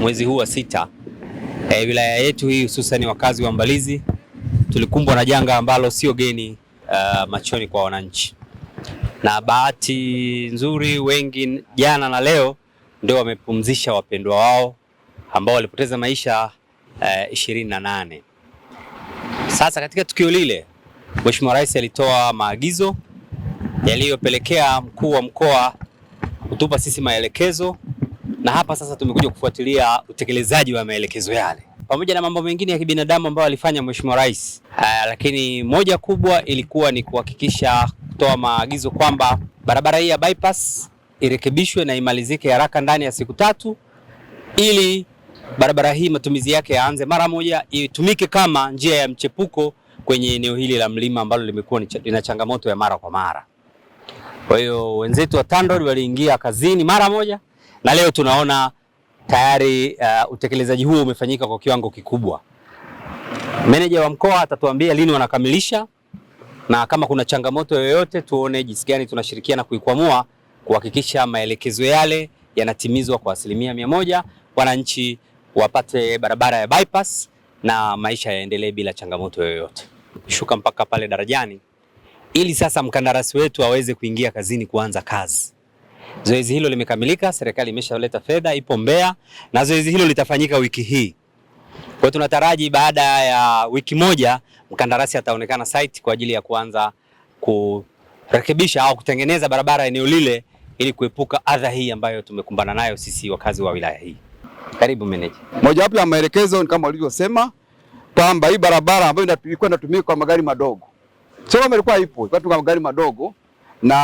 mwezi huu wa sita e, wilaya yetu hii hususan wakazi wa Mbalizi tulikumbwa na janga ambalo sio geni uh, machoni kwa wananchi, na bahati nzuri wengi jana na leo ndio wamepumzisha wapendwa wao ambao walipoteza maisha e, ishirini na nane. Sasa katika tukio lile Mheshimiwa Rais alitoa maagizo yaliyopelekea mkuu wa mkoa kutupa sisi maelekezo na hapa sasa tumekuja kufuatilia utekelezaji wa maelekezo yale pamoja na mambo mengine ya kibinadamu ambayo alifanya Mheshimiwa Rais. Aa, lakini moja kubwa ilikuwa ni kuhakikisha kutoa maagizo kwamba barabara hii ya bypass irekebishwe na imalizike haraka ndani ya siku tatu ili barabara hii matumizi yake yaanze mara moja, itumike kama njia ya mchepuko kwenye eneo hili la mlima ambalo limekuwa lina changamoto ya mara kwa mara. Kwa hiyo wenzetu wa TANROADS waliingia kazini mara moja na leo tunaona tayari uh, utekelezaji huo umefanyika kwa kiwango kikubwa. Meneja wa mkoa atatuambia lini wanakamilisha na kama kuna changamoto yoyote, tuone jinsi gani tunashirikiana kuikwamua kuhakikisha maelekezo yale yanatimizwa kwa asilimia mia moja, wananchi wapate barabara ya bypass na maisha yaendelee bila changamoto yoyote. Shuka mpaka pale darajani, ili sasa mkandarasi wetu aweze kuingia kazini kuanza kazi. Zoezi hilo limekamilika, serikali imeshaleta fedha, ipo Mbeya na zoezi hilo litafanyika wiki hii. Kwa hiyo tunataraji baada ya wiki moja mkandarasi ataonekana site kwa ajili ya kuanza kurekebisha au kutengeneza barabara eneo lile ili kuepuka adha hii ambayo tumekumbana nayo sisi wakazi wa wilaya hii. Karibu meneja. Mojawapo ya maelekezo ni kama walivyosema kwamba hii barabara ambayo ilikuwa inatumika kwa magari madogo, sio kama ilikuwa ipo, ilikuwa tu kwa magari madogo na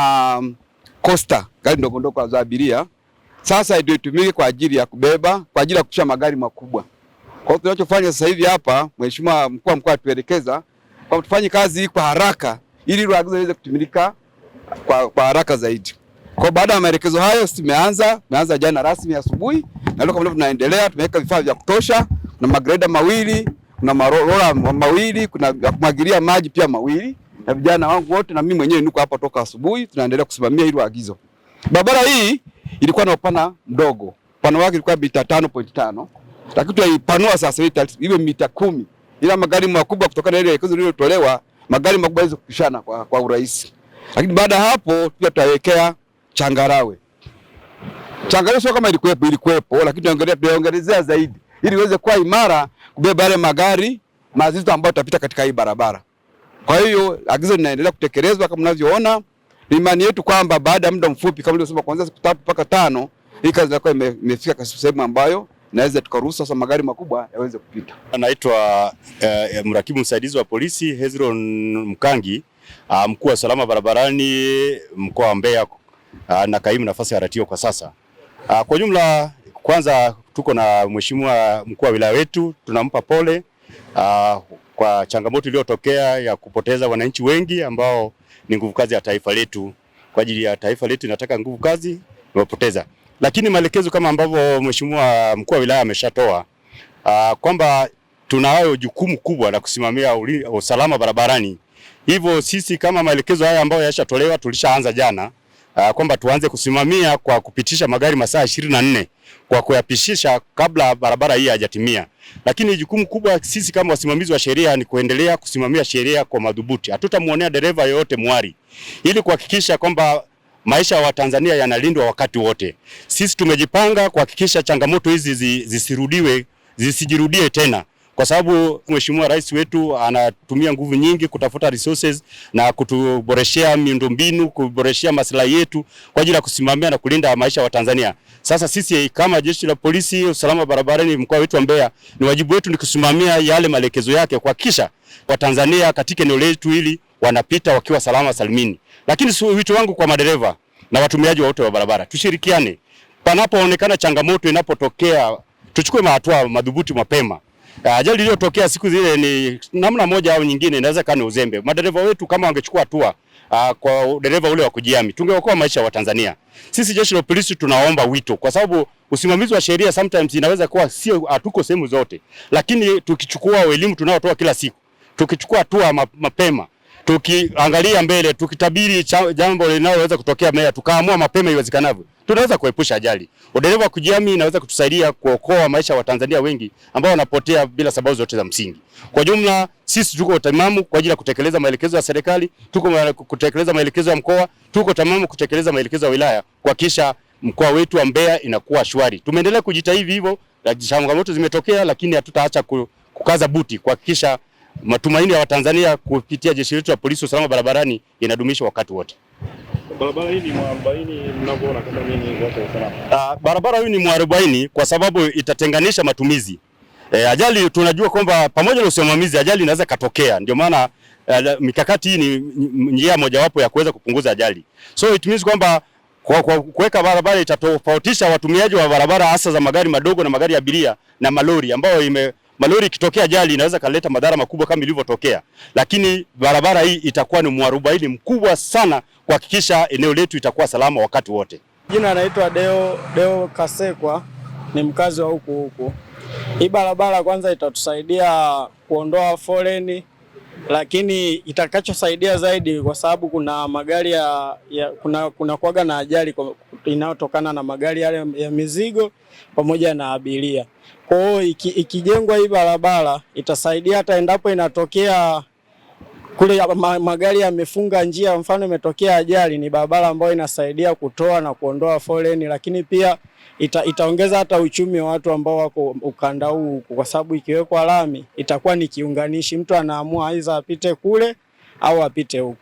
kosta, gari ndogondogo za abiria, sasa ndio itumike kwa ajili ya kubeba, kwa ajili ya kushia magari makubwa. Kwa hiyo tunachofanya sasa hivi hapa, Mheshimiwa mkuu wa mkoa atuelekeza kwa tufanye kazi kwa haraka ili hilo agizo liweze kutimilika kwa, kwa haraka zaidi. Kwa baada ya maelekezo hayo, sisi tumeanza tumeanza jana rasmi asubuhi, na leo kama tunaendelea, tumeweka vifaa vya kutosha, na magreda mawili, kuna marola mawili, kuna kumwagilia maji pia mawili na vijana wangu wote na mimi mwenyewe niko hapa toka asubuhi, tunaendelea kusimamia hilo agizo. Barabara hii ilikuwa na upana mdogo, upana wake ilikuwa mita 5.5 lakini tunaipanua sasa hivi iwe mita kumi, ila magari makubwa kutokana na ile elekezo lililotolewa magari makubwa yaweze kupishana kwa, kwa urahisi. Lakini baada ya hapo pia tutawekea changarawe. Changarawe sio kama ilikuwepo, ilikuwepo lakini tunaongelea tunaongelezea zaidi ili iweze kuwa imara kubeba yale magari mazito ambayo tutapita katika hii barabara. Kwa hiyo agizo linaendelea kutekelezwa kama mnavyoona. Ni imani yetu kwamba baada ya muda mfupi kama nilivyosema, kuanzia siku tatu mpaka tano, hii kazi inakuwa imefika sehemu ambayo naweza tukaruhusu sasa magari makubwa yaweze kupita. Anaitwa uh, mrakibu msaidizi wa polisi Hezron Mkangi, uh, mkuu wa salama barabarani mkoa wa Mbeya, uh, na kaimu nafasi ya ratio kwa sasa. Uh, kwa jumla kwanza tuko na mheshimiwa mkuu wa wilaya wetu tunampa pole uh, kwa changamoto iliyotokea ya kupoteza wananchi wengi ambao ni nguvu kazi ya taifa letu. Kwa ajili ya taifa letu inataka nguvu kazi iwapoteza, lakini maelekezo kama ambavyo mheshimiwa mkuu wa wilaya ameshatoa uh, kwamba tunayo jukumu kubwa la kusimamia usalama barabarani. Hivyo sisi kama maelekezo haya ambayo yashatolewa tulishaanza jana uh, kwamba tuanze kusimamia kwa kupitisha magari masaa ishirini na nne kwa kuyapishisha kabla barabara hii hajatimia. Lakini jukumu kubwa sisi kama wasimamizi wa sheria ni kuendelea kusimamia sheria kwa madhubuti. Hatutamwonea dereva yoyote mwari, ili kuhakikisha kwamba maisha ya Watanzania yanalindwa wakati wote. Sisi tumejipanga kuhakikisha changamoto hizi zisirudiwe, zisijirudie tena kwa sababu Mheshimiwa Rais wetu anatumia nguvu nyingi kutafuta resources na kutuboreshea miundombinu, kuboreshea maslahi yetu kwa ajili ya kusimamia na kulinda maisha wa Tanzania. Sasa sisi kama jeshi la polisi, usalama barabarani, mkoa wetu wa Mbeya, ni wajibu wetu ni kusimamia yale maelekezo yake, kuhakikisha Watanzania katika eneo letu hili wanapita wakiwa salama salimini. Lakini wito wangu kwa madereva na watumiaji wote wa barabara, tushirikiane panapoonekana changamoto inapotokea, tuchukue hatua madhubuti mapema Eh, ajali iliyotokea siku zile ni namna moja au nyingine, inaweza ni uzembe. Madereva wetu kama wangechukua hatua ah, kwa dereva ule wa kujiami tungeokoa maisha wa Tanzania. Sisi jeshi la polisi tunaomba wito, kwa sababu usimamizi wa sheria sometimes inaweza kuwa sio, hatuko sehemu zote, lakini tukichukua elimu tunayotoa kila siku, tukichukua hatua mapema, tukiangalia mbele, tukitabiri jambo linaloweza kutokea mbele, tukaamua mapema iwezekanavyo tunaweza kuepusha ajali. Udereva wa kujiamini inaweza kutusaidia kuokoa maisha ya Watanzania wengi ambao wanapotea bila sababu zote za msingi. Kwa jumla, sisi tuko tamamu kwa ajili ya kutekeleza maelekezo ya serikali, tuko kutekeleza maelekezo ya mkoa, tuko tamamu kutekeleza maelekezo ya wilaya kuhakikisha mkoa wetu wa Mbeya inakuwa shwari. Tumeendelea kujitahidi hivyo, changamoto zimetokea, lakini hatutaacha kukaza buti kuhakikisha matumaini ya Watanzania kupitia jeshi letu la polisi, usalama barabarani inadumishwa wakati wote. Barabara hii ni mwarobaini mnavyoona kama nini watu wa salama. Ah, barabara hii ni mwarobaini kwa sababu itatenganisha matumizi. E, ajali tunajua kwamba pamoja na usimamizi ajali inaweza katokea, ndio maana e, mikakati hii ni njia mojawapo ya kuweza kupunguza ajali. So it means kwamba kwa, kwa kuweka barabara itatofautisha watumiaji wa barabara hasa za magari madogo na magari ya abiria na malori ambayo ime malori ikitokea ajali inaweza kaleta madhara makubwa kama ilivyotokea, lakini barabara hii itakuwa ni mwarubaini mkubwa sana kuhakikisha eneo letu itakuwa salama wakati wote. Jina anaitwa Deo, Deo Kasekwa ni mkazi wa huku huku. Hii barabara kwanza itatusaidia kuondoa foleni, lakini itakachosaidia zaidi, kwa sababu kuna magari ya, ya kuna, kuna kuaga na ajali inayotokana na magari yale ya mizigo pamoja na abiria. Kwa hiyo iki, ikijengwa hii barabara itasaidia hata endapo inatokea kule magari yamefunga njia, mfano imetokea ajali, ni barabara ambayo inasaidia kutoa na kuondoa foleni, lakini pia ita, itaongeza hata uchumi wa watu ambao wako ukanda huu, kwa sababu ikiwekwa lami itakuwa ni kiunganishi, mtu anaamua aidha apite kule au apite huko.